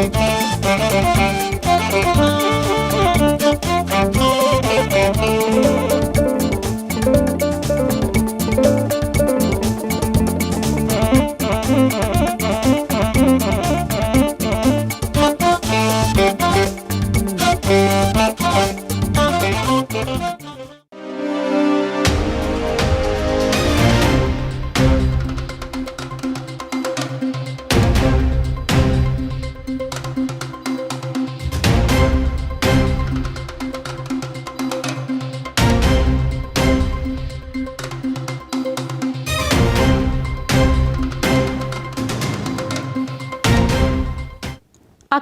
Thank you.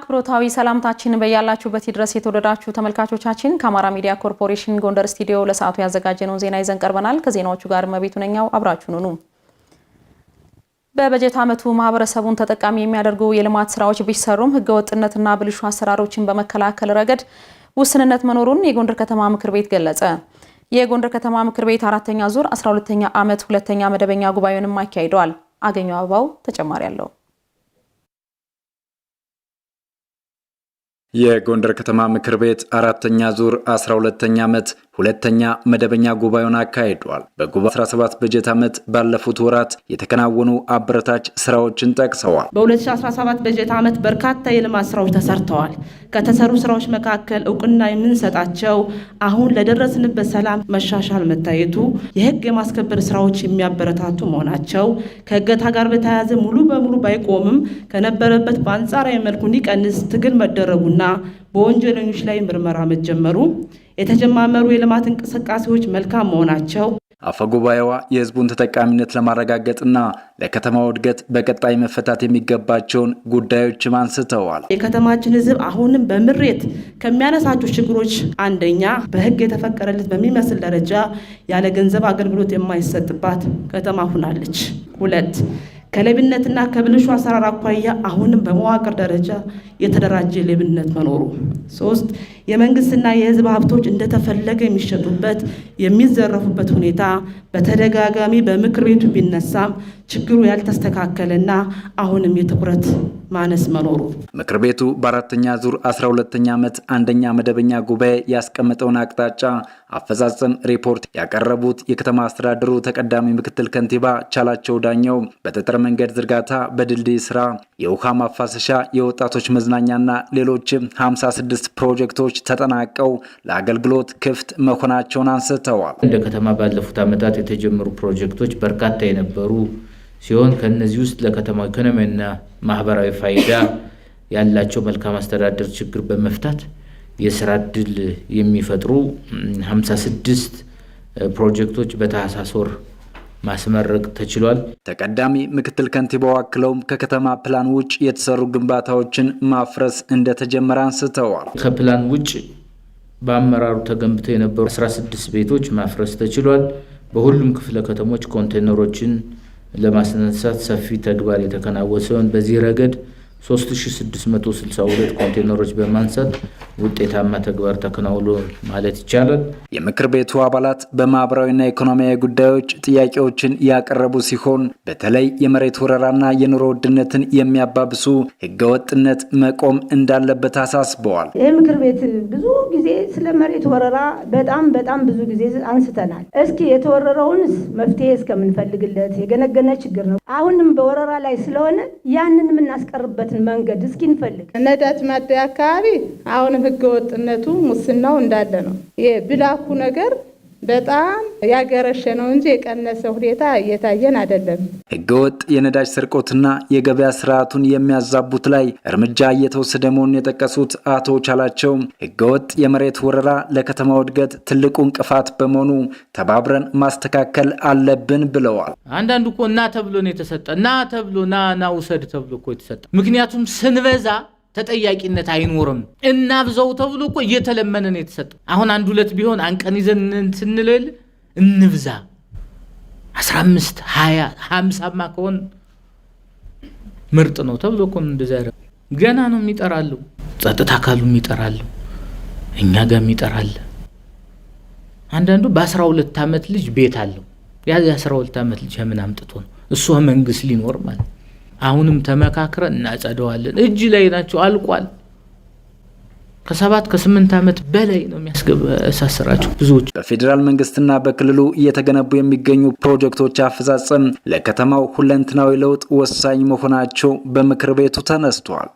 አክብሮታዊ ሰላምታችን በያላችሁበት ድረስ የተወደዳችሁ ተመልካቾቻችን ከአማራ ሚዲያ ኮርፖሬሽን ጎንደር ስቱዲዮ ለሰዓቱ ያዘጋጀነውን ዜና ይዘን ቀርበናል። ከዜናዎቹ ጋር መቤቱ ነኛው አብራችሁ ኑኑ። በበጀት ዓመቱ ማህበረሰቡን ተጠቃሚ የሚያደርጉ የልማት ስራዎች ቢሰሩም ህገወጥነትና ብልሹ አሰራሮችን በመከላከል ረገድ ውስንነት መኖሩን የጎንደር ከተማ ምክር ቤት ገለጸ። የጎንደር ከተማ ምክር ቤት አራተኛ ዙር 12ኛ ዓመት ሁለተኛ መደበኛ ጉባኤውንም አካሂደዋል። አገኘው አበባው ተጨማሪ አለው። የጎንደር ከተማ ምክር ቤት አራተኛ ዙር 12ተኛ ዓመት ሁለተኛ መደበኛ ጉባኤውን አካሂዷል። በጉባኤ 17 በጀት ዓመት ባለፉት ወራት የተከናወኑ አበረታች ስራዎችን ጠቅሰዋል። በ2017 በጀት ዓመት በርካታ የልማት ስራዎች ተሰርተዋል። ከተሰሩ ስራዎች መካከል እውቅና የምንሰጣቸው አሁን ለደረስንበት ሰላም መሻሻል መታየቱ፣ የህግ የማስከበር ስራዎች የሚያበረታቱ መሆናቸው፣ ከእገታ ጋር በተያያዘ ሙሉ በሙሉ ባይቆምም ከነበረበት በአንጻራዊ መልኩ እንዲቀንስ ትግል መደረጉና በወንጀለኞች ላይ ምርመራ መጀመሩ የተጀማመሩ የልማት እንቅስቃሴዎች መልካም መሆናቸው አፈ ጉባኤዋ ተጠቃሚነት ለማረጋገጥና ለከተማው እድገት በቀጣይ መፈታት የሚገባቸውን ጉዳዮችም አንስተዋል። የከተማችን ህዝብ አሁንም በምሬት ከሚያነሳቸው ችግሮች አንደኛ በህግ የተፈቀረለት በሚመስል ደረጃ ያለ ገንዘብ አገልግሎት የማይሰጥባት ከተማ ሁናለች። ሁለት ከሌብነትና ከብልሹ አሰራር አኳያ አሁንም በመዋቅር ደረጃ የተደራጀ ሌብነት መኖሩ፣ ሶስት የመንግስትና የህዝብ ሀብቶች እንደተፈለገ የሚሸጡበት የሚዘረፉበት ሁኔታ በተደጋጋሚ በምክር ቤቱ ቢነሳም ችግሩ ያልተስተካከለና አሁንም የትኩረት ማነስ መኖሩ ምክር ቤቱ በአራተኛ ዙር 12ኛ ዓመት አንደኛ መደበኛ ጉባኤ ያስቀመጠውን አቅጣጫ አፈጻጸም ሪፖርት ያቀረቡት የከተማ አስተዳደሩ ተቀዳሚ ምክትል ከንቲባ ቻላቸው ዳኘው በጠጠር መንገድ ዝርጋታ፣ በድልድይ ስራ፣ የውሃ ማፋሰሻ፣ የወጣቶች መዝናኛና ሌሎች 56 ፕሮጀክቶች ተጠናቀው ለአገልግሎት ክፍት መሆናቸውን አንስተዋል። እንደ ከተማ ባለፉት ዓመታት የተጀመሩ ፕሮጀክቶች በርካታ የነበሩ ሲሆን ከእነዚህ ውስጥ ለከተማው ኢኮኖሚና ማህበራዊ ፋይዳ ያላቸው መልካም አስተዳደር ችግር በመፍታት የስራ እድል የሚፈጥሩ 56 ስድስት ፕሮጀክቶች በታህሳስ ወር ማስመረቅ ተችሏል። ተቀዳሚ ምክትል ከንቲባው አክለውም ከከተማ ፕላን ውጭ የተሰሩ ግንባታዎችን ማፍረስ እንደተጀመረ አንስተዋል። ከፕላን ውጭ በአመራሩ ተገንብተው የነበሩ 16 ቤቶች ማፍረስ ተችሏል። በሁሉም ክፍለ ከተሞች ኮንቴነሮችን ለማስነሳት ሰፊ ተግባር የተከናወነ ሲሆን በዚህ ረገድ 3662 ኮንቴነሮች በማንሳት ውጤታማ ተግባር ተከናውሎ ማለት ይቻላል። የምክር ቤቱ አባላት በማኅበራዊና ኢኮኖሚያዊ ጉዳዮች ጥያቄዎችን ያቀረቡ ሲሆን በተለይ የመሬት ወረራና የኑሮ ውድነትን የሚያባብሱ ህገወጥነት መቆም እንዳለበት አሳስበዋል። ይህ ምክር ቤት ብዙ ጊዜ ስለ መሬት ወረራ በጣም በጣም ብዙ ጊዜ አንስተናል። እስኪ የተወረረውንስ መፍትሄ እስከምንፈልግለት የገነገነ ችግር ነው። አሁንም በወረራ ላይ ስለሆነ ያንን የምናስቀርበትን መንገድ እስኪ እንፈልግ። ነዳጅ ማደያ አካባቢ አሁንም ህገወጥነቱ ሙስናው እንዳለ ነው። ብላኩ ነገር በጣም ያገረሸ ነው እንጂ የቀነሰ ሁኔታ እየታየን አይደለም። ህገወጥ የነዳጅ ስርቆትና የገበያ ስርዓቱን የሚያዛቡት ላይ እርምጃ እየተወሰደ መሆኑን የጠቀሱት አቶ ቻላቸው ህገወጥ የመሬት ወረራ ለከተማው እድገት ትልቁ እንቅፋት በመሆኑ ተባብረን ማስተካከል አለብን ብለዋል። አንዳንዱ እኮ ና ተብሎ ነው የተሰጠ ና ተብሎ ና ና ውሰድ ተብሎ እኮ የተሰጠ ምክንያቱም ስንበዛ ተጠያቂነት አይኖርም። እናብዛው ተብሎ እኮ እየተለመነ ነው የተሰጠው። አሁን አንድ ሁለት ቢሆን አንቀን ይዘን ስንልል እንብዛ አስራ አምስት ሀያ ሀምሳማ ከሆን ምርጥ ነው ተብሎ እኮ እንደዛ ገና ነው የሚጠራሉ። ጸጥታ አካሉ የሚጠራሉ፣ እኛ ጋር የሚጠራለ። አንዳንዱ በአስራ ሁለት ዓመት ልጅ ቤት አለው። ያ የአስራ ሁለት ዓመት ልጅ ምን አምጥቶ ነው እሷ መንግስት ሊኖር ማለት አሁንም ተመካክረን እናጸደዋለን። እጅ ላይ ናቸው፣ አልቋል። ከሰባት ከስምንት ዓመት በላይ ነው የሚያስገሳስራቸው ብዙዎች። በፌዴራል መንግስትና በክልሉ እየተገነቡ የሚገኙ ፕሮጀክቶች አፈጻጸም ለከተማው ሁለንትናዊ ለውጥ ወሳኝ መሆናቸው በምክር ቤቱ ተነስቷል።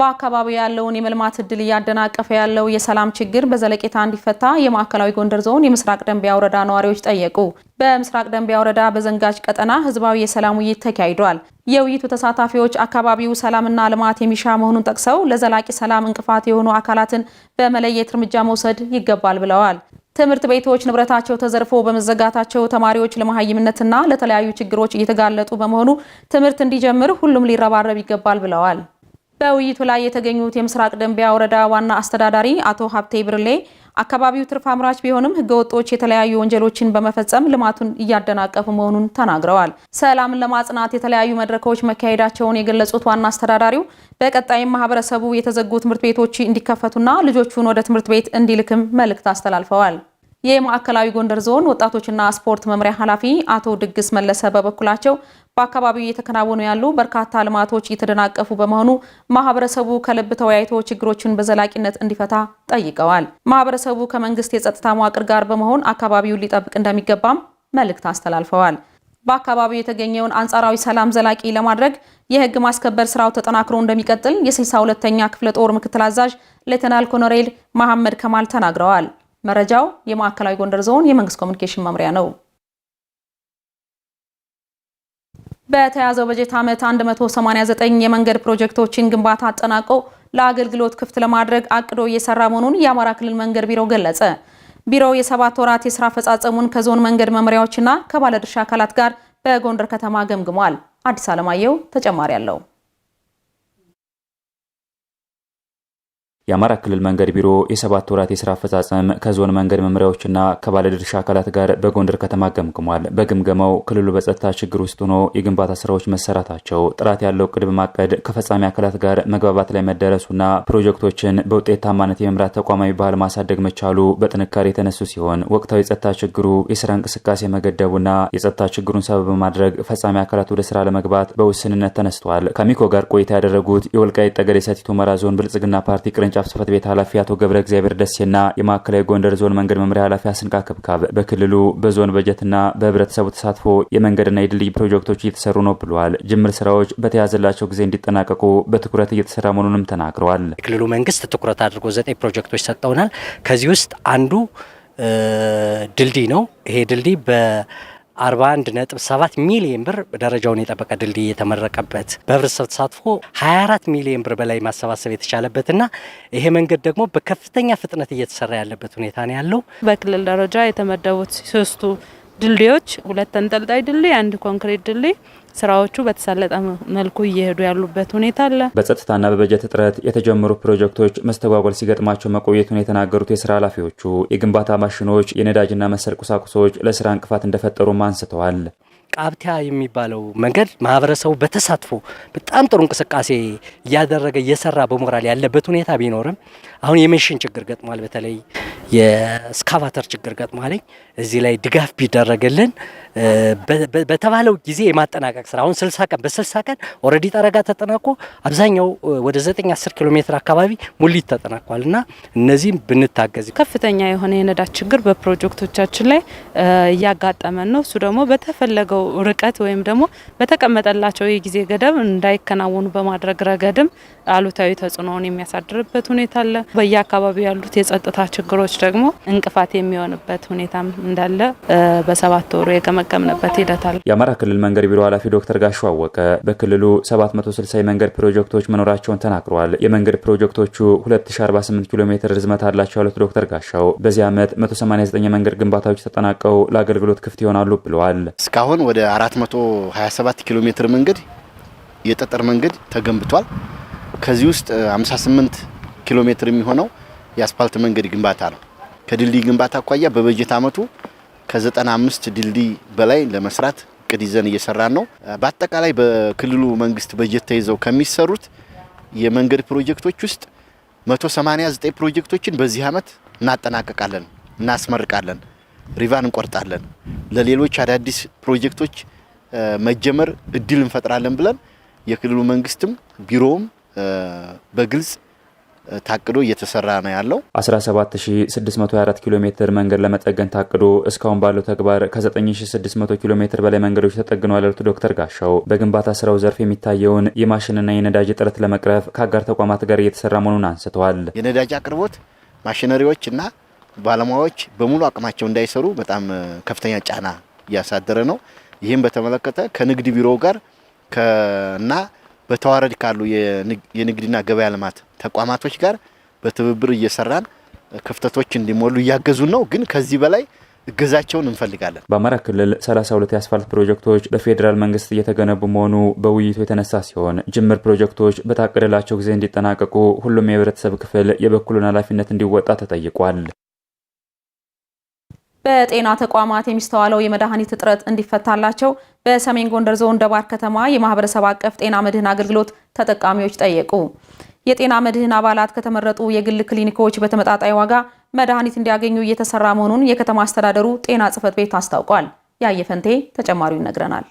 በአካባቢው ያለውን የመልማት እድል እያደናቀፈ ያለው የሰላም ችግር በዘለቄታ እንዲፈታ የማዕከላዊ ጎንደር ዞን የምስራቅ ደንቢያ ወረዳ ነዋሪዎች ጠየቁ። በምስራቅ ደንቢያ ወረዳ በዘንጋጅ ቀጠና ህዝባዊ የሰላም ውይይት ተካሂዷል። የውይይቱ ተሳታፊዎች አካባቢው ሰላምና ልማት የሚሻ መሆኑን ጠቅሰው ለዘላቂ ሰላም እንቅፋት የሆኑ አካላትን በመለየት እርምጃ መውሰድ ይገባል ብለዋል። ትምህርት ቤቶች ንብረታቸው ተዘርፎ በመዘጋታቸው ተማሪዎች ለመሀይምነትና ለተለያዩ ችግሮች እየተጋለጡ በመሆኑ ትምህርት እንዲጀምር ሁሉም ሊረባረብ ይገባል ብለዋል። በውይይቱ ላይ የተገኙት የምስራቅ ደንቢያ ወረዳ ዋና አስተዳዳሪ አቶ ሀብቴ ብርሌ አካባቢው ትርፍ አምራች ቢሆንም ህገወጦች የተለያዩ ወንጀሎችን በመፈጸም ልማቱን እያደናቀፉ መሆኑን ተናግረዋል። ሰላምን ለማጽናት የተለያዩ መድረኮች መካሄዳቸውን የገለጹት ዋና አስተዳዳሪው በቀጣይም ማህበረሰቡ የተዘጉ ትምህርት ቤቶች እንዲከፈቱና ልጆቹን ወደ ትምህርት ቤት እንዲልክም መልእክት አስተላልፈዋል። የማዕከላዊ ጎንደር ዞን ወጣቶችና ስፖርት መምሪያ ኃላፊ አቶ ድግስ መለሰ በበኩላቸው በአካባቢው እየተከናወኑ ያሉ በርካታ ልማቶች እየተደናቀፉ በመሆኑ ማህበረሰቡ ከልብ ተወያይቶ ችግሮችን በዘላቂነት እንዲፈታ ጠይቀዋል። ማህበረሰቡ ከመንግስት የጸጥታ መዋቅር ጋር በመሆን አካባቢውን ሊጠብቅ እንደሚገባም መልእክት አስተላልፈዋል። በአካባቢው የተገኘውን አንጻራዊ ሰላም ዘላቂ ለማድረግ የህግ ማስከበር ስራው ተጠናክሮ እንደሚቀጥል የ 62 ለተኛ ክፍለ ጦር ምክትል አዛዥ ሌተናል ኮሎኔል መሐመድ ከማል ተናግረዋል። መረጃው የማዕከላዊ ጎንደር ዞን የመንግስት ኮሚኒኬሽን መምሪያ ነው። በተያዘው በጀት ዓመት 189 የመንገድ ፕሮጀክቶችን ግንባታ አጠናቆ ለአገልግሎት ክፍት ለማድረግ አቅዶ እየሰራ መሆኑን የአማራ ክልል መንገድ ቢሮ ገለጸ። ቢሮው የሰባት ወራት የስራ አፈጻጸሙን ከዞን መንገድ መምሪያዎችና ከባለድርሻ አካላት ጋር በጎንደር ከተማ ገምግሟል። አዲስ አለማየሁ ተጨማሪ አለው። የአማራ ክልል መንገድ ቢሮ የሰባት ወራት የስራ አፈጻጸም ከዞን መንገድ መምሪያዎችና ከባለድርሻ አካላት ጋር በጎንደር ከተማ ገምግሟል። በግምገማው ክልሉ በጸጥታ ችግር ውስጥ ሆኖ የግንባታ ስራዎች መሰራታቸው፣ ጥራት ያለው ቅድብ ማቀድ ከፈጻሚ አካላት ጋር መግባባት ላይ መደረሱና ፕሮጀክቶችን በውጤታማነት የመምራት ተቋማዊ ባህል ማሳደግ መቻሉ በጥንካሬ የተነሱ ሲሆን ወቅታዊ የጸጥታ ችግሩ የስራ እንቅስቃሴ መገደቡና የጸጥታ ችግሩን ሰበብ በማድረግ ፈጻሚ አካላት ወደ ስራ ለመግባት በውስንነት ተነስቷል። ከሚኮ ጋር ቆይታ ያደረጉት የወልቃይት ጠገዴ ሰቲት ሁመራ ዞን ብልጽግና ፓርቲ ቅርንጫ ቅርንጫፍ ጽህፈት ቤት ኃላፊ አቶ ገብረ እግዚአብሔር ደሴና የማዕከላዊ ጎንደር ዞን መንገድ መምሪያ ኃላፊ አስንቃ ከብካብ በክልሉ በዞን በጀትና በህብረተሰቡ ተሳትፎ የመንገድና የድልድይ ፕሮጀክቶች እየተሰሩ ነው ብለዋል። ጅምር ስራዎች በተያዘላቸው ጊዜ እንዲጠናቀቁ በትኩረት እየተሰራ መሆኑንም ተናግረዋል። የክልሉ መንግስት ትኩረት አድርጎ ዘጠኝ ፕሮጀክቶች ሰጠውናል። ከዚህ ውስጥ አንዱ ድልድይ ነው። ይሄ ድልድይ 41.7 ሚሊዮን ብር ደረጃውን የጠበቀ ድልድይ የተመረቀበት በህብረተሰብ ተሳትፎ 24 ሚሊዮን ብር በላይ ማሰባሰብ የተቻለበትና ይሄ መንገድ ደግሞ በከፍተኛ ፍጥነት እየተሰራ ያለበት ሁኔታ ነው ያለው። በክልል ደረጃ የተመደቡት ሶስቱ ድልድዮች ሁለት ተንጠልጣይ ድልድይ፣ አንድ ኮንክሪት ድልድይ ስራዎቹ በተሳለጠ መልኩ እየሄዱ ያሉበት ሁኔታ አለ። በጸጥታና በበጀት እጥረት የተጀመሩ ፕሮጀክቶች መስተጓጎል ሲገጥማቸው መቆየቱን የተናገሩት የስራ ኃላፊዎቹ የግንባታ ማሽኖች፣ የነዳጅና መሰል ቁሳቁሶች ለስራ እንቅፋት እንደፈጠሩም አንስተዋል። ቃብቲያ የሚባለው መንገድ ማህበረሰቡ በተሳትፎ በጣም ጥሩ እንቅስቃሴ እያደረገ እየሰራ በሞራል ያለበት ሁኔታ ቢኖርም አሁን የመሽን ችግር ገጥሟል። በተለይ የስካቫተር ችግር ገጥሟል። እዚህ ላይ ድጋፍ ቢደረግልን በተባለው ጊዜ የማጠናቀቅ ስራ አሁን ስልሳ ቀን በስልሳ ቀን ኦልሬዲ ጠረጋ ተጠናቆ አብዛኛው ወደ ዘጠኝ አስር ኪሎ ሜትር አካባቢ ሙሊት ተጠናቋል እና እነዚህም ብንታገዝ ከፍተኛ የሆነ የነዳጅ ችግር በፕሮጀክቶቻችን ላይ እያጋጠመን ነው። እሱ ደግሞ በተፈለገው ርቀት ወይም ደግሞ በተቀመጠላቸው የጊዜ ገደብ እንዳይከናወኑ በማድረግ ረገድም አሉታዊ ተጽዕኖውን የሚያሳድርበት ሁኔታ አለ። በየአካባቢው ያሉት የጸጥታ ችግሮች ደግሞ እንቅፋት የሚሆንበት ሁኔታም እንዳለ በሰባት ወሩ የገመ የተጠቀምንበት ሂደት አለ። የአማራ ክልል መንገድ ቢሮ ኃላፊ ዶክተር ጋሹ አወቀ በክልሉ 760 የመንገድ ፕሮጀክቶች መኖራቸውን ተናግረዋል። የመንገድ ፕሮጀክቶቹ 2048 ኪሎ ሜትር ርዝመት አላቸው ያሉት ዶክተር ጋሻው በዚህ ዓመት 189 የመንገድ ግንባታዎች ተጠናቀው ለአገልግሎት ክፍት ይሆናሉ ብለዋል። እስካሁን ወደ 427 ኪሎ ሜትር መንገድ የጠጠር መንገድ ተገንብቷል። ከዚህ ውስጥ 58 ኪሎ ሜትር የሚሆነው የአስፓልት መንገድ ግንባታ ነው። ከድልድይ ግንባታ አኳያ በበጀት ዓመቱ ከ95 ድልድይ በላይ ለመስራት እቅድ ይዘን እየሰራን ነው። በአጠቃላይ በክልሉ መንግስት በጀት ተይዘው ከሚሰሩት የመንገድ ፕሮጀክቶች ውስጥ 189 ፕሮጀክቶችን በዚህ ዓመት እናጠናቀቃለን፣ እናስመርቃለን፣ ሪቫን እንቆርጣለን። ለሌሎች አዳዲስ ፕሮጀክቶች መጀመር እድል እንፈጥራለን ብለን የክልሉ መንግስትም ቢሮውም በግልጽ ታቅዶ እየተሰራ ነው ያለው። 17624 ኪሎ ሜትር መንገድ ለመጠገን ታቅዶ እስካሁን ባለው ተግባር ከ9600 ኪሎ ሜትር በላይ መንገዶች ተጠግኗል ያሉት ዶክተር ጋሻው በግንባታ ስራው ዘርፍ የሚታየውን የማሽንና የነዳጅ እጥረት ለመቅረፍ ከአጋር ተቋማት ጋር እየተሰራ መሆኑን አንስተዋል። የነዳጅ አቅርቦት ማሽነሪዎችና ባለሙያዎች በሙሉ አቅማቸው እንዳይሰሩ በጣም ከፍተኛ ጫና እያሳደረ ነው። ይህም በተመለከተ ከንግድ ቢሮው ጋር ከና በተዋረድ ካሉ የንግድና ገበያ ልማት ተቋማቶች ጋር በትብብር እየሰራን ክፍተቶች እንዲሞሉ እያገዙ ነው። ግን ከዚህ በላይ እገዛቸውን እንፈልጋለን። በአማራ ክልል 32 የአስፋልት ፕሮጀክቶች በፌዴራል መንግስት እየተገነቡ መሆኑ በውይይቱ የተነሳ ሲሆን ጅምር ፕሮጀክቶች በታቀደላቸው ጊዜ እንዲጠናቀቁ ሁሉም የህብረተሰብ ክፍል የበኩሉን ኃላፊነት እንዲወጣ ተጠይቋል። በጤና ተቋማት የሚስተዋለው የመድኃኒት እጥረት እንዲፈታላቸው በሰሜን ጎንደር ዞን ደባር ከተማ የማህበረሰብ አቀፍ ጤና መድህን አገልግሎት ተጠቃሚዎች ጠየቁ። የጤና መድህን አባላት ከተመረጡ የግል ክሊኒኮች በተመጣጣኝ ዋጋ መድኃኒት እንዲያገኙ እየተሰራ መሆኑን የከተማ አስተዳደሩ ጤና ጽሕፈት ቤት አስታውቋል። ያየፈንቴ ተጨማሪው ይነግረናል።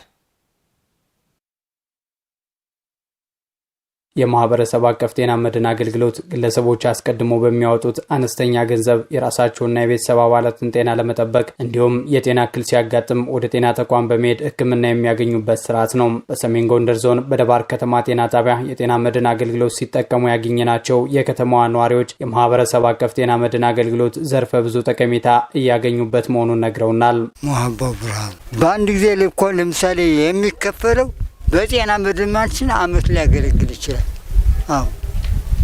የማህበረሰብ አቀፍ ጤና መድን አገልግሎት ግለሰቦች አስቀድሞ በሚያወጡት አነስተኛ ገንዘብ የራሳቸውና የቤተሰብ አባላትን ጤና ለመጠበቅ እንዲሁም የጤና እክል ሲያጋጥም ወደ ጤና ተቋም በመሄድ ሕክምና የሚያገኙበት ስርዓት ነው። በሰሜን ጎንደር ዞን በደባር ከተማ ጤና ጣቢያ የጤና መድን አገልግሎት ሲጠቀሙ ያገኘናቸው የከተማዋ ነዋሪዎች የማህበረሰብ አቀፍ ጤና መድን አገልግሎት ዘርፈ ብዙ ጠቀሜታ እያገኙበት መሆኑን ነግረውናል። በአንድ ጊዜ ልኮ ለምሳሌ የሚከፈለው በጤና መድማችን አመት ሊያገለግል ይችላል። አዎ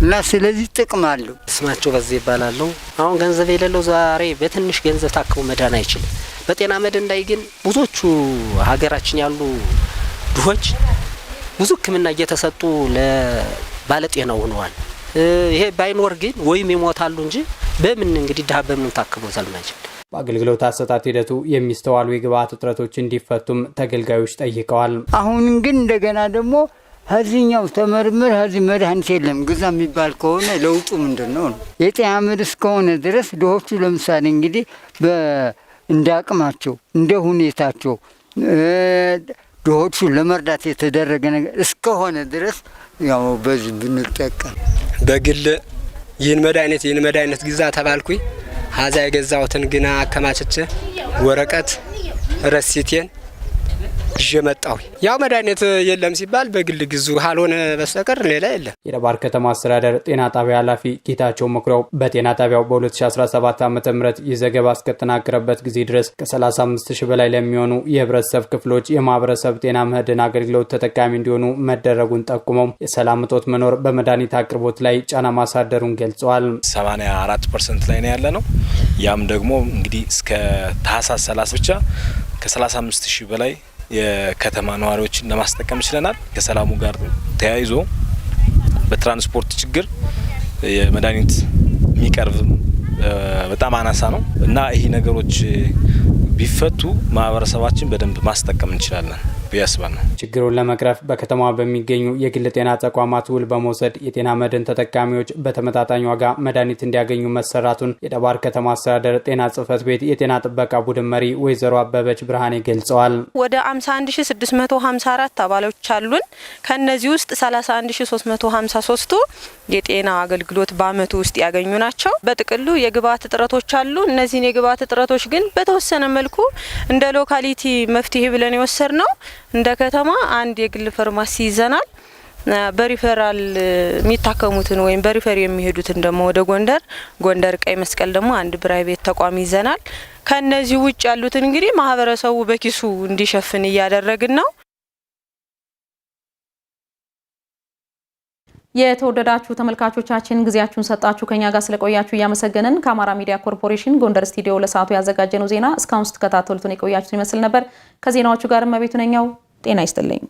እና ስለዚህ ጥቅም አለው። ስማቸው በዚህ ይባላለሁ። አሁን ገንዘብ የሌለው ዛሬ በትንሽ ገንዘብ ታክሞ መዳን አይችልም። በጤና መድን ላይ ግን ብዙዎቹ ሀገራችን ያሉ ድሆች ብዙ ሕክምና እየተሰጡ ለባለጤና ሆነዋል። ይሄ ባይኖር ግን ወይም ይሞታሉ እንጂ በምን እንግዲህ ድሀ በምን ታክሞ ዘልማችል በአገልግሎት አሰጣት ሂደቱ የሚስተዋሉ የግብአት እጥረቶች እንዲፈቱም ተገልጋዮች ጠይቀዋል። አሁን ግን እንደገና ደግሞ ከዚህኛው ተመርምር ከዚህ መድኃኒት የለም ግዛ የሚባል ከሆነ ለውጡ ምንድን ነው ነው? የጤና ምር እስከሆነ ድረስ ድሆቹ ለምሳሌ እንግዲህ እንደ አቅማቸው እንደ ሁኔታቸው ድሆቹ ለመርዳት የተደረገ ነገር እስከሆነ ድረስ ያው በዚህ ብንጠቀም በግል ይህን መድኃኒት ይህን መድኃኒት ግዛ ተባልኩኝ አዛ የገዛሁትን ግና አከማችቼ ወረቀት ረሲቴን ይዤ መጣሁ። ያው መድኃኒት የለም ሲባል በግል ግዙ ካልሆነ በስተቀር ሌላ የለም። የደባር ከተማ አስተዳደር ጤና ጣቢያ ኃላፊ ጌታቸው መኩሪያው በጤና ጣቢያው በ2017 ዓ ም ይህ ዘገባ እስከተናገረበት ጊዜ ድረስ ከ35 ሺህ በላይ ለሚሆኑ የህብረተሰብ ክፍሎች የማህበረሰብ ጤና ምህድን አገልግሎት ተጠቃሚ እንዲሆኑ መደረጉን ጠቁመው የሰላም እጦት መኖር በመድኃኒት አቅርቦት ላይ ጫና ማሳደሩን ገልጸዋል። 84 ፐርሰንት ላይ ነው ያለ ነው። ያም ደግሞ እንግዲህ እስከ ታህሳስ 30 ብቻ ከ35 ሺህ በላይ የከተማ ነዋሪዎችን ለማስጠቀም ችለናል። ከሰላሙ ጋር ተያይዞ በትራንስፖርት ችግር የመድኃኒት የሚቀርብ በጣም አናሳ ነው እና ይህ ነገሮች ቢፈቱ ማህበረሰባችን በደንብ ማስጠቀም እንችላለን። ብዬ ችግሩን ለመቅረፍ በከተማዋ በሚገኙ የግል ጤና ተቋማት ውል በመውሰድ የጤና መድን ተጠቃሚዎች በተመጣጣኝ ዋጋ መድኃኒት እንዲያገኙ መሰራቱን የጠባር ከተማ አስተዳደር ጤና ጽህፈት ቤት የጤና ጥበቃ ቡድን መሪ ወይዘሮ አበበች ብርሃኔ ገልጸዋል። ወደ 51654 አባሎች አሉን። ከእነዚህ ውስጥ 31353ቱ የጤና አገልግሎት በአመቱ ውስጥ ያገኙ ናቸው። በጥቅሉ የግብዓት እጥረቶች አሉ። እነዚህን የግብዓት እጥረቶች ግን በተወሰነ መልኩ እንደ ሎካሊቲ መፍትሄ ብለን የወሰድ ነው እንደ ከተማ አንድ የግል ፋርማሲ ይዘናል። በሪፈራል የሚታከሙትን ወይም በሪፈር የሚሄዱትን ደግሞ ወደ ጎንደር፣ ጎንደር ቀይ መስቀል ደግሞ አንድ ፕራይቬት ተቋም ይዘናል። ከነዚህ ውጭ ያሉትን እንግዲህ ማህበረሰቡ በኪሱ እንዲሸፍን እያደረግን ነው። የተወደዳችሁ ተመልካቾቻችን ጊዜያችሁን ሰጣችሁ ከኛ ጋር ስለቆያችሁ እያመሰገንን ከአማራ ሚዲያ ኮርፖሬሽን ጎንደር ስቱዲዮ ለሰዓቱ ያዘጋጀነው ዜና እስካሁን ስትከታተሉትን የቆያችሁን ይመስል ነበር። ከዜናዎቹ ጋር እመቤቱ ነኛው ጤና ይስጥልኝ።